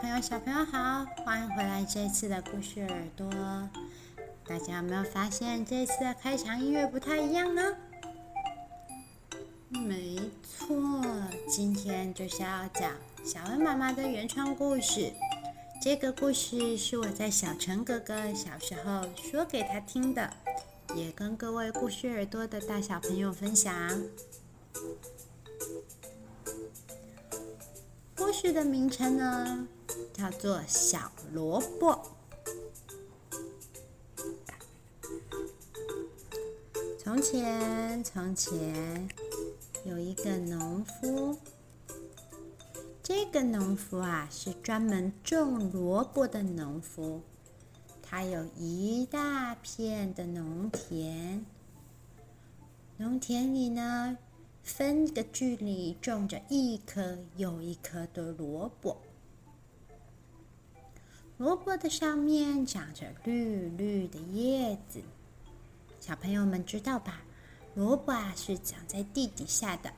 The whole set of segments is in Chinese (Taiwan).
朋友，小朋友好，歡迎回來！這次的故事耳朵，大家有沒有發現這次的開場音樂不太一樣呢？沒錯，今天就是要講小恩媽媽的原創故事。這個故事是我在小宸哥哥小時候說給他聽的，也跟各位故事耳朵的大小朋友分享。故事的名稱呢，叫做小蘿蔔。從前，從前有一個農夫，這個農夫啊是專門種蘿蔔的農夫。他有一大片的農田，農田裡呢，分個距離種着一顆又一顆的蘿蔔。蘿蔔的上面長着綠綠的葉子，小朋友們知道吧？蘿蔔啊是長在地底下的，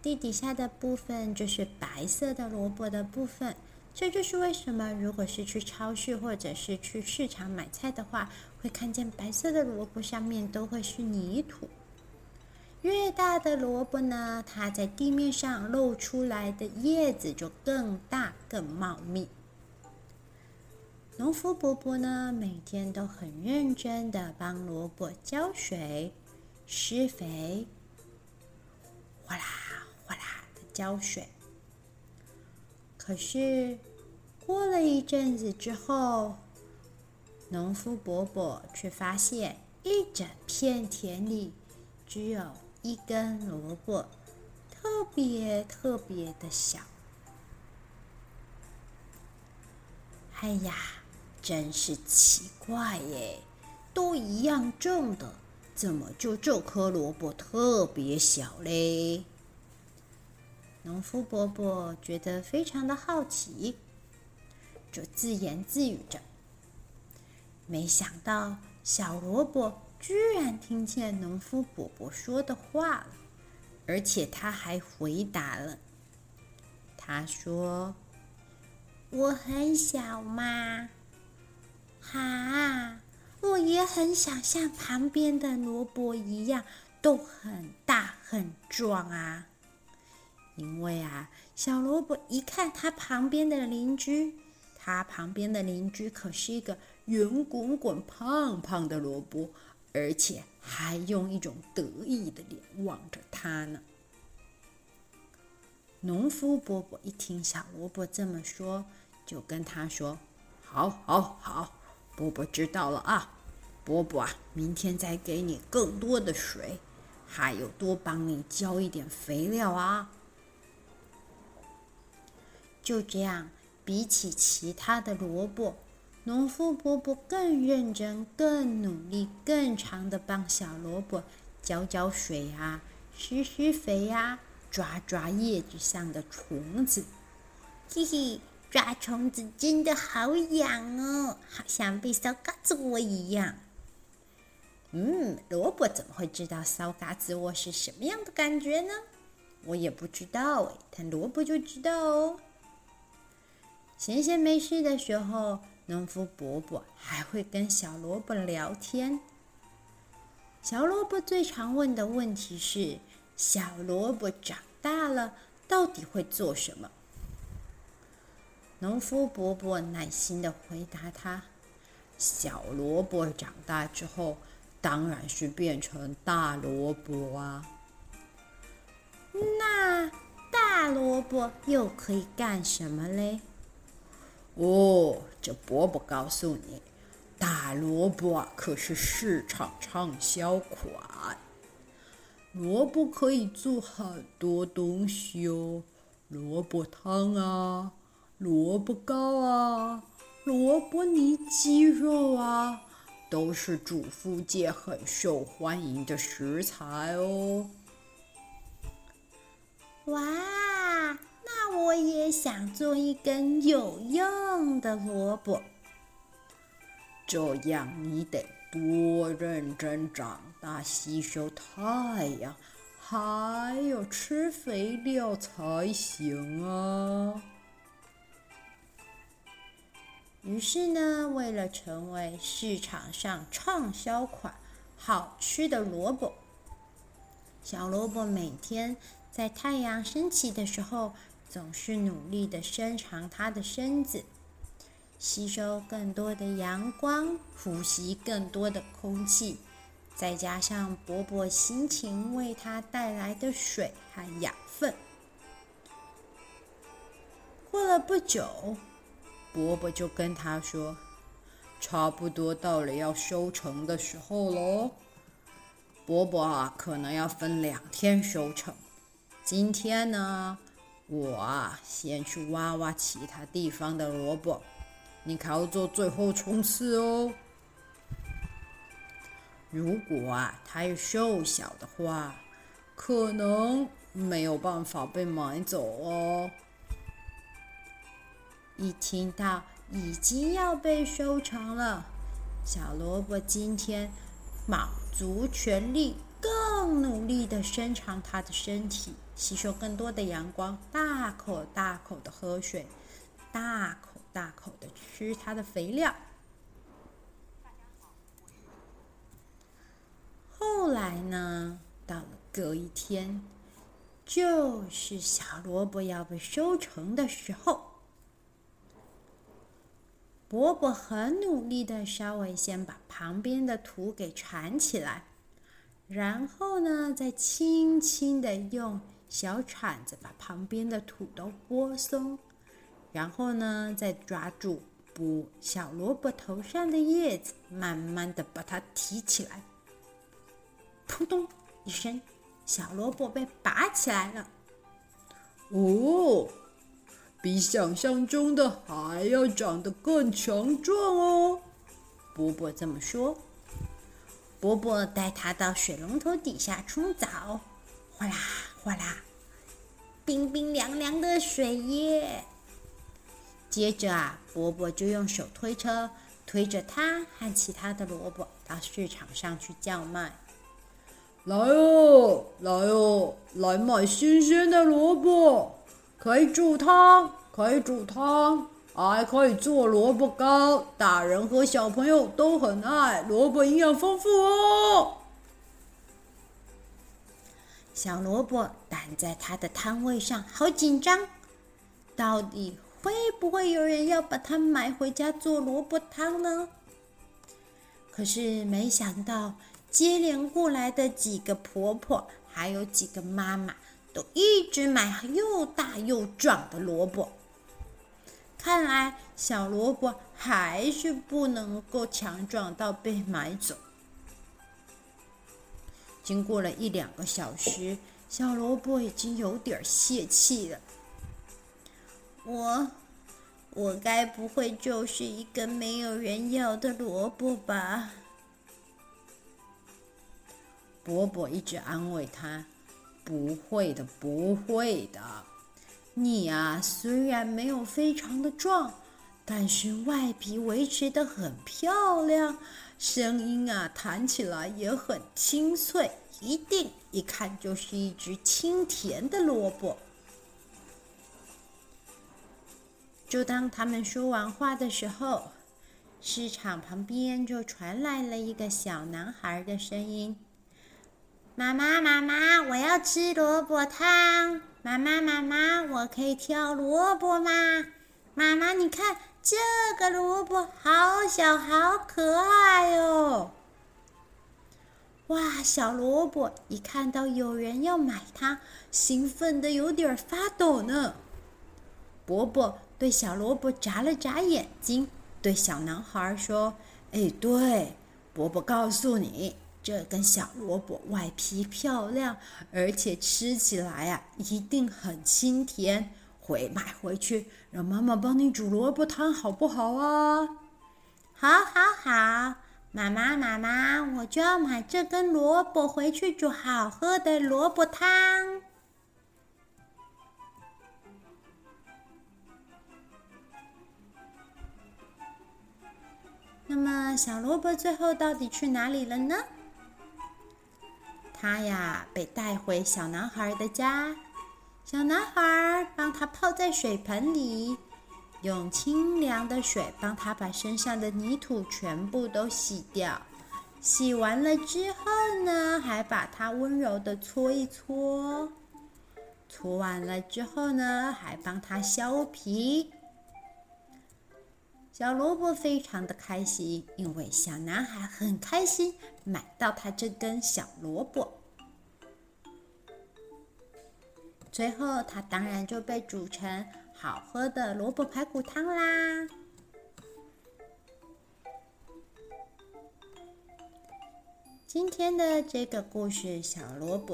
地底下的部分就是白色的蘿蔔的部分。這就是為什麼，如果是去超市或者是去市場買菜的話，會看見白色的蘿蔔上面都會是泥土。越大的蘿蔔呢，它在地面上露出來的葉子就更大、更茂密。農夫伯伯呢，每天都很認真的幫蘿蔔澆水、施肥，嘩啦嘩啦的澆水。可是過了一陣子之後，農夫伯伯卻發現一整片田裡只有一根蘿蔔，特別特別的小。哎呀！真是奇怪耶，都一樣重的，怎麼就這顆蘿蔔特別小嘞？農夫伯伯覺得非常的好奇，就自言自語着。沒想到小蘿蔔居然聽見農夫伯伯說的話了，而且他還回答了。他說：“我很小嗎？”哈，我也很想像旁邊的蘿蔔一樣，都很大很壯啊！因為啊，小蘿蔔一看他旁邊的鄰居，他旁邊的鄰居可是一個圓滾滾、胖胖的蘿蔔，而且還用一種得意的臉望着他呢。農夫伯伯一聽小蘿蔔這麼說，就跟他說：“好好好。”波波知道了啊，波波啊，明天再給你更多的水，還有多幫你澆一點肥料啊。就這樣，比起其他的蘿蔔，農夫伯伯更認真、更努力、更長的幫小蘿蔔澆澆水啊、施施肥呀、啊、抓抓葉子上的蟲子，嘿嘿。抓蟲子真的好癢哦，好像被搔胳肢窩一樣。嗯，蘿蔔怎麼會知道搔胳肢窩是什麼樣的感覺呢？我也不知道哎，但蘿蔔就知道哦。閒閒沒事的時候，農夫伯伯還會跟小蘿蔔聊天。小蘿蔔最常問的問題是：小蘿蔔長大了到底會做什麼？農夫伯伯耐心的回答他：“小蘿蔔長大之後，當然是變成大蘿蔔啊。那大蘿蔔又可以幹什麼嘞？”哦，這伯伯告訴你，大蘿蔔可是市場暢銷款。蘿蔔可以做很多東西哦，蘿蔔湯啊。蘿蔔糕啊，蘿蔔泥、雞肉啊，都是主婦界很受歡迎的食材哦。哇，那我也想做一根有用的蘿蔔。這樣你得多認真長大，吸收太陽，還有吃肥料才行啊。於是呢，為了成為市場上暢銷款、好吃的蘿蔔，小蘿蔔每天在太陽升起的時候，總是努力的伸長它的身子，吸收更多的陽光，呼吸更多的空氣，再加上伯伯辛勤為它帶來的水和養分。過了不久。伯伯就跟他說：“差不多到了要收成的時候嘍，伯伯啊，可能要分兩天收成。今天呢，我啊先去挖挖其他地方的蘿蔔，你可要做最後衝刺哦。如果啊太瘦小的話，可能沒有辦法被買走哦。”一聽到已經要被收成了，小蘿蔔今天卯足全力，更努力的伸長它的身體，吸收更多的陽光，大口大口的喝水，大口大口的吃它的肥料。後來呢，到了隔一天，就是小蘿蔔要被收成的時候。伯伯很努力的，稍微先把旁邊的土給鏟起來，然後呢，再輕輕的用小鏟子把旁邊的土都撥鬆，然後呢，再抓住不小蘿蔔頭上的葉子，慢慢的把它提起來，撲通一聲，小蘿蔔被拔起來了，嗚、哦。比想象中的還要長得更強壯哦，伯伯這麼說。伯伯帶他到水龍頭底下沖澡，嘩啦嘩啦，冰冰涼涼的水耶。接着啊，伯伯就用手推車推着他和其他的蘿蔔到市場上去叫賣：“來哦，來哦，來買新鮮的蘿蔔！”可以煮湯，可以煮湯，還可以做蘿蔔糕，大人和小朋友都很愛。蘿蔔營養豐富哦。小蘿蔔站在他的攤位上，好緊張，到底會不會有人要把它買回家做蘿蔔湯呢？可是沒想到，接連過來的幾個婆婆，還有幾個媽媽。一直買又大又壯的蘿蔔，看來小蘿蔔還是不能夠強壯到被買走。經過了一兩個小時，小蘿蔔已經有點洩氣了。我，我該不會就是一個沒有人要的蘿蔔吧？伯伯一直安慰他。不會的，不會的。你啊，雖然沒有非常的壯，但是外皮維持得很漂亮，聲音啊，彈起來也很清脆，一定一看就是一隻清甜的蘿蔔。就當他們說完話的時候，市場旁邊就傳來了一個小男孩的聲音。媽媽，媽媽，我要吃蘿蔔湯。媽媽，媽，媽媽，我可以挑蘿蔔嗎？媽媽，你看這個蘿蔔好小，好可愛喲、哦！哇，小蘿蔔，一看到有人要買它，興奮得有點發抖呢。伯伯對小蘿蔔眨了眨眼睛，對小男孩說：“哎，對，伯伯告訴你。”這根小蘿蔔外皮漂亮，而且吃起來呀一定很清甜。回買回去讓媽媽幫你煮蘿蔔湯，好不好啊？好，好，好，媽媽，媽，媽媽，我就要買這根蘿蔔回去煮好喝的蘿蔔湯。那麼，小蘿蔔最後到底去哪裡了呢？他呀，被帶回小男孩的家，小男孩幫他泡在水盆裡，用清涼的水幫他把身上的泥土全部都洗掉。洗完了之後呢，還把他溫柔的搓一搓。搓完了之後呢，還幫他削皮。小蘿蔔非常的開心，因為小男孩很開心買到他這根小蘿蔔。最後，他當然就被煮成好喝的蘿蔔排骨湯啦。今天的這個故事《小蘿蔔》，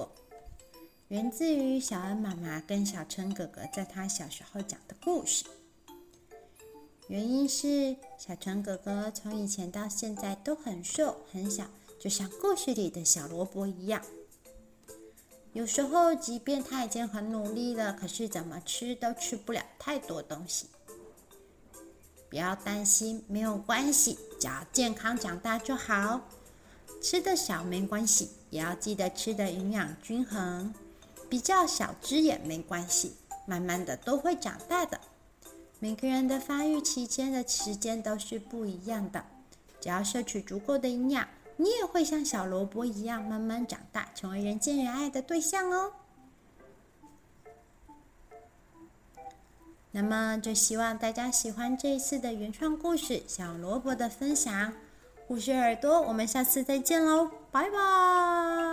源自於小恩媽媽跟小宸哥哥在他小時候講的故事。原因是小宸哥哥從以前到現在都很瘦很小，就像故事裡的小蘿蔔一樣。有時候即便他已經很努力了，可是怎麼吃都吃不了太多東西。不要擔心，沒有關係，只要健康長大就好。吃的少沒關係，也要記得吃的營養均衡。比較小只也沒關係，慢慢的都會長大的。每個人的發育期間的時間都是不一樣的，只要攝取足夠的營養，你也會像小蘿蔔一樣慢慢長大，成為人見人愛的對象哦。那麼，就希望大家喜歡這一次的原創故事《小蘿蔔》的分享。我是耳朵，我們下次再見嘍，拜拜。